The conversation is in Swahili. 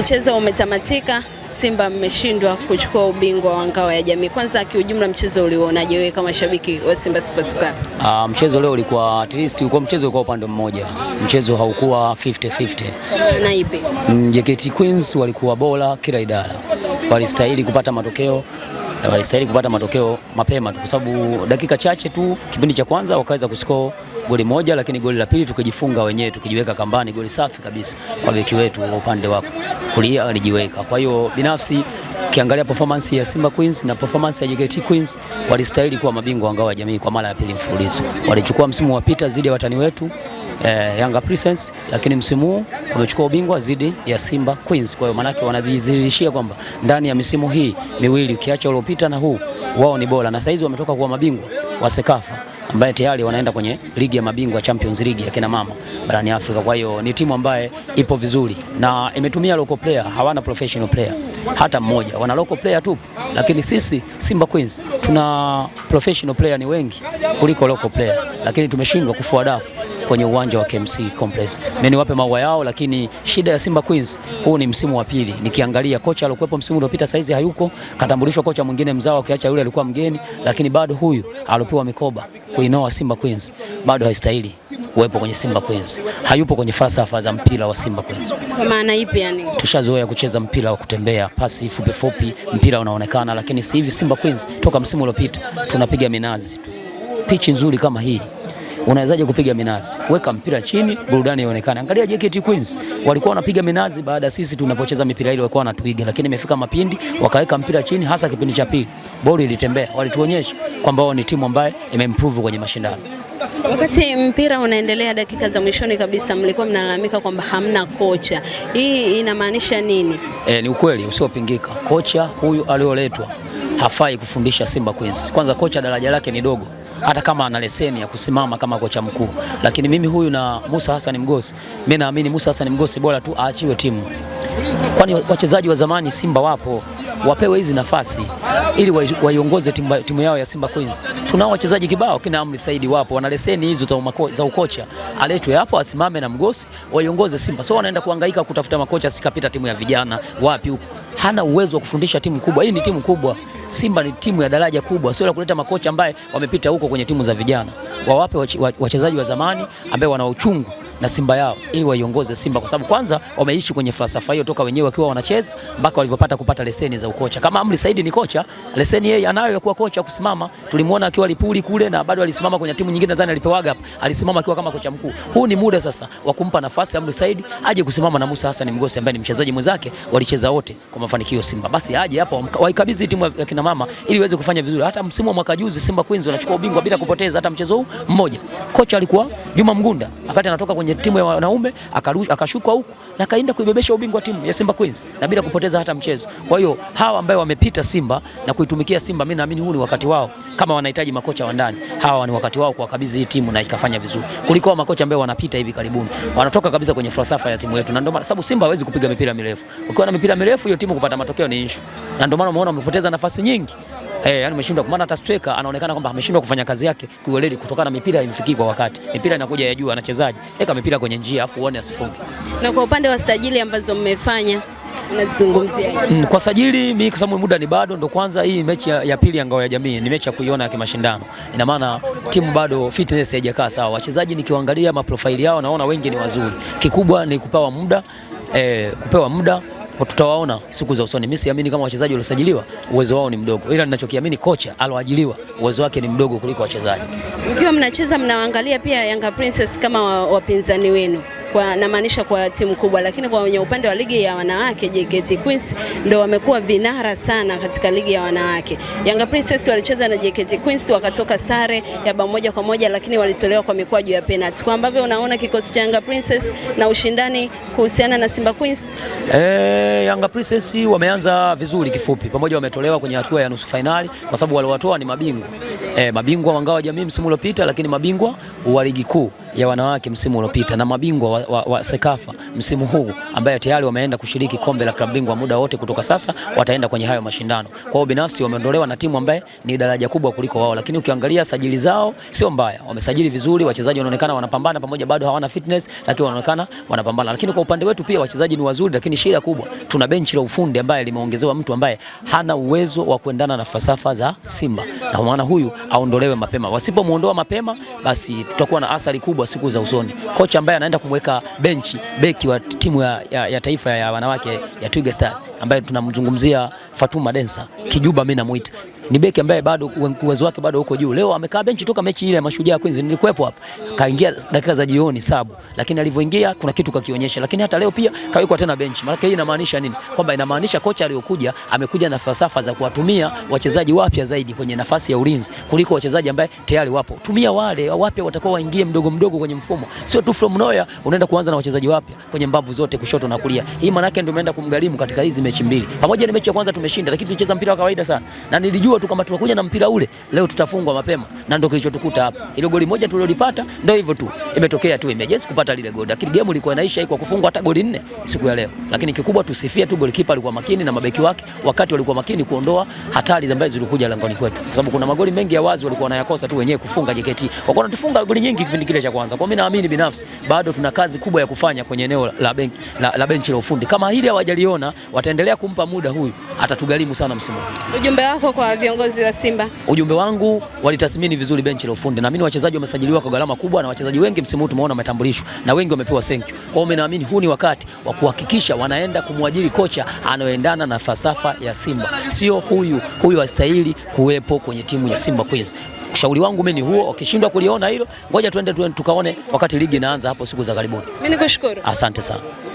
Mchezo umetamatika, Simba mmeshindwa kuchukua ubingwa wa ngao ya jamii. Kwanza kiujumla, mchezo ulionaje wewe kama shabiki wa Simba Sports Club? Uh, mchezo leo ulikuwa at least ulikuwa mchezo ulikuwa upande mmoja, mchezo haukuwa 50-50. Na ipi? Mm, JKT Queens walikuwa bora kila idara, walistahili kupata matokeo walistahili kupata matokeo mapema tu, kwa sababu dakika chache tu kipindi cha kwanza wakaweza kuscore goli moja, lakini goli la pili tukijifunga wenyewe, tukijiweka kambani, goli safi kabisa kwa beki wetu wa upande wa kulia alijiweka. Kwa hiyo binafsi ukiangalia performance ya Simba Queens na performance ya JKT Queens, walistahili kuwa mabingwa wa ngao ya jamii kwa mara ya pili mfululizo. Walichukua msimu wa pita zidi ya watani wetu eh, Yanga Princess, lakini msimu huu wamechukua ubingwa zidi ya Simba Queens. Kwa hiyo manake wanajidhihirishia kwamba ndani ya misimu hii miwili ukiacha uliopita na huu, wao ni bora, na saizi wametoka kuwa mabingwa wa Sekafa ambaye tayari wanaenda kwenye ligi ya mabingwa Champions League ya kina mama barani Afrika. Kwa hiyo ni timu ambaye ipo vizuri na imetumia local player, hawana professional player hata mmoja, wana local player tu, lakini sisi Simba Queens tuna professional player ni wengi kuliko local player, lakini tumeshindwa kufua dafu kwenye uwanja wa KMC Complex. Na niwape maua yao, lakini shida ya Simba Queens, huu ni msimu wa pili. Nikiangalia kocha aliyekuwepo msimu uliopita saizi hayuko, katambulishwa kocha mwingine mzao, akiacha yule alikuwa mgeni, lakini bado huyu alopewa mikoba kuinoa Simba Queens bado haistahili kuwepo kwenye Simba Queens. Hayupo kwenye falsafa za mpira wa Simba Queens. Kwa maana ipi yani? Tushazoea kucheza mpira wa kutembea, pasi fupi fupi, mpira unaonekana, lakini si hivi Simba Queens toka msimu uliopita tunapiga minazi tu. Pichi nzuri kama hii unawezaje kupiga minazi? Weka mpira chini, burudani ionekane. Angalia JKT Queens walikuwa wanapiga minazi baada sisi tunapocheza mipira ile walikuwa wanatuiga, lakini imefika mapindi wakaweka mpira chini, hasa kipindi cha pili, boli ilitembea, walituonyesha kwamba wao ni timu ambayo imeimprove kwenye mashindano. Wakati mpira unaendelea, dakika za mwishoni kabisa, mlikuwa mnalalamika kwamba hamna kocha. Hii inamaanisha nini? E, ni ukweli usiopingika. Kocha huyu alioletwa hafai kufundisha Simba Queens. Kwanza kocha daraja lake ni dogo hata kama ana leseni ya kusimama kama kocha mkuu. Lakini mimi huyu na Musa Hassan Mgosi, mimi naamini Musa Hassan Mgosi bora tu aachiwe timu, kwani wachezaji wa zamani Simba wapo wapewe hizi nafasi ili waiongoze timu, timu yao ya Simba Queens. Tunao wachezaji kibao kina Amri Saidi wapo, wana leseni hizo za, za ukocha, aletwe hapo asimame na Mgosi waiongoze Simba. So wanaenda kuhangaika kutafuta makocha, sikapita timu ya vijana wapi huko hana uwezo wa kufundisha timu kubwa. Hii ni timu kubwa, Simba ni timu ya daraja kubwa, sio la kuleta makocha ambaye wamepita huko kwenye timu za vijana, wawape wachezaji wa zamani ambaye wana uchungu na Simba yao ili waiongoze Simba, kwa sababu kwanza wameishi kwenye falsafa hiyo toka wenyewe wakiwa wanacheza mpaka walivyopata kupata leseni za ukocha. Kama Amri Saidi ni kocha, leseni yeye anayo ya kuwa kocha kusimama. Tulimuona akiwa Lipuli kule na bado alisimama kwenye timu nyingine, nadhani alipewa gap, alisimama akiwa kama kocha mkuu. Huu ni muda sasa wa kumpa nafasi Amri Saidi aje kusimama na Musa Hassan Mgosi ambaye ni mchezaji mwenzake, walicheza wote kwa mafanikio Simba. Basi aje hapa waikabidhi timu ya kina mama ili iweze kufanya vizuri. Hata msimu wa mwaka juzi Simba Queens wanachukua ubingwa bila kupoteza hata mchezo huu mmoja. Kocha alikuwa Juma Mgunda akati anatoka kwenye timu ya wanaume akashuka huku na kaenda kuibebesha ubingwa timu ya Simba Queens na bila kupoteza hata mchezo. Kwa hiyo hawa ambao wamepita Simba na kuitumikia Simba, mimi naamini huu ni wakati wao, kama wanahitaji makocha wa ndani, hawa ni wakati wao kuwakabidhi hii timu na ikafanya vizuri kuliko wa makocha ambao wanapita hivi karibuni, wanatoka kabisa kwenye falsafa ya timu yetu, na ndio sababu Simba hawezi kupiga mipira mirefu. Ukiwa na mipira mirefu, hiyo timu kupata matokeo ni issue, na ndio maana umeona wamepoteza nafasi nyingi eh, yani umeshindwa, maana hata striker anaonekana kwamba ameshindwa kufanya kazi yake kiweledi, kutokana na mipira haifikii kwa wakati, mipira inakuja ya juu, anachezaji Weka mipira kwenye njia afu uone asifunge. Na kwa upande wa sajili ambazo mmefanya Mm, kwa sajili mimi kwa sababu muda ni bado, ndo kwanza hii mechi ya, ya pili ya ngao ya jamii ni mechi ya kuiona ya kimashindano. Ina maana timu bado fitness haijakaa sawa. Wachezaji nikiwaangalia maprofaili yao naona wengi ni wazuri, kikubwa ni kupewa muda eh, kupewa muda tutawaona siku za usoni. Mimi siamini kama wachezaji waliosajiliwa uwezo wao ni mdogo, ila ninachokiamini kocha aloajiliwa uwezo wake ni mdogo kuliko wachezaji. Mkiwa mnacheza mnawaangalia pia Yanga Princess kama wapinzani wenu kwa, namaanisha kwa timu kubwa, lakini kwa wenye upande wa ligi ya wanawake JKT Queens ndo wamekuwa vinara sana katika ligi ya wanawake. Yanga Princess walicheza na JKT Queens wakatoka sare ya bao moja kwa moja, lakini walitolewa kwa mikwaju ya penalty. Kwa ambavyo unaona kikosi cha Yanga Princess na ushindani kuhusiana na Simba Queens. Eh, Yanga Princess wameanza vizuri kifupi, pamoja wametolewa kwenye hatua ya nusu fainali kwa sababu waliwatoa ni mabingwa eh, mabingwa wa ngao jamii msimu uliopita, lakini mabingwa wa ligi kuu ya wanawake msimu uliopita na mabingwa wa wa, wa Sekafa msimu huu ambaye tayari wameenda kushiriki kombe la klabu bingwa muda wote kutoka sasa wataenda kwenye hayo mashindano. Kwa hiyo binafsi wameondolewa na timu ambaye ni daraja kubwa kuliko wao, lakini ukiangalia sajili zao sio mbaya, wamesajili vizuri, wachezaji wanaonekana wanapambana pamoja, bado hawana fitness, lakini wanaonekana wanapambana. Lakini kwa upande wetu pia wachezaji ni wazuri, lakini shida kubwa tuna benchi la ufundi ambaye limeongezewa mtu ambaye hana uwezo wa kuendana na falsafa za Simba, na maana huyu aondolewe mapema. Wasipomuondoa mapema, basi tutakuwa na athari kubwa siku za usoni. Kocha ambaye anaenda kumweka kutoka benchi beki wa timu ya, ya, ya taifa ya wanawake ya Twiga Stars ambaye tunamzungumzia Fatuma Densa Kijuba, mimi namuita ni beki ambaye bado uwezo wake bado uko juu. Leo amekaa benchi toka mechi ile ya Mashujaa Queens, nilikuwepo hapo, kaingia dakika za jioni sabu, lakini alivyoingia kuna kitu kakionyesha, lakini hata leo pia kawekwa tena benchi. Maana hii inamaanisha nini? Kwamba inamaanisha kocha aliyokuja amekuja na falsafa za kuwatumia wachezaji wapya zaidi kwenye nafasi ya ulinzi kuliko wachezaji ambaye tayari wapo. Tumia wale wapya watakuwa waingie mdogo mdogo kwenye mfumo, sio tu from nowhere unaenda kuanza na wachezaji wapya kwenye mbavu zote, kushoto na kulia. Hii maana yake ndio umeenda kumgalimu katika hizi mechi mbili, pamoja na mechi ya kwanza tumeshinda, lakini tulicheza mpira wa kawaida sana na nilijua tukijua tu kwamba tunakuja na mpira ule leo tutafungwa mapema, na ndio kilichotukuta hapa. Ile goli moja tulilolipata ndio hivyo tu, imetokea tu emergency kupata lile goli, lakini game ilikuwa inaisha haikuwa kufungwa hata goli nne siku ya leo. Lakini kikubwa tusifie tu, golikipa alikuwa makini na mabeki wake, wakati walikuwa makini kuondoa hatari ambazo zilikuja langoni kwetu, kwa sababu kuna magoli mengi ya wazi walikuwa wanayakosa tu wenyewe kufunga. JKT walikuwa wanatufunga goli nyingi kipindi kile cha kwanza. Kwa mimi naamini binafsi bado tuna kazi kubwa ya kufanya kwenye eneo la benki la, la benchi la ufundi. Kama hili hawajaliona wataendelea kumpa muda huyu, atatugharimu sana msimu. Ujumbe wako kwa viongozi wa Simba. Ujumbe wangu walitathmini vizuri benchi la ufundi. Naamini wachezaji wamesajiliwa kwa gharama kubwa na wachezaji wengi msimu huu tumeona wametambulisho na wengi wamepewa thank you. Kwa hiyo naamini huu ni wakati wa kuhakikisha wanaenda kumwajiri kocha anayoendana na falsafa ya Simba. Sio huyu huyu astahili kuwepo kwenye timu ya Simba Queens. Ushauri wangu mimi ni huo. Ukishindwa kuliona hilo, ngoja tuende tukaone wakati ligi inaanza hapo siku za karibuni. Mimi nikushukuru. Asante sana.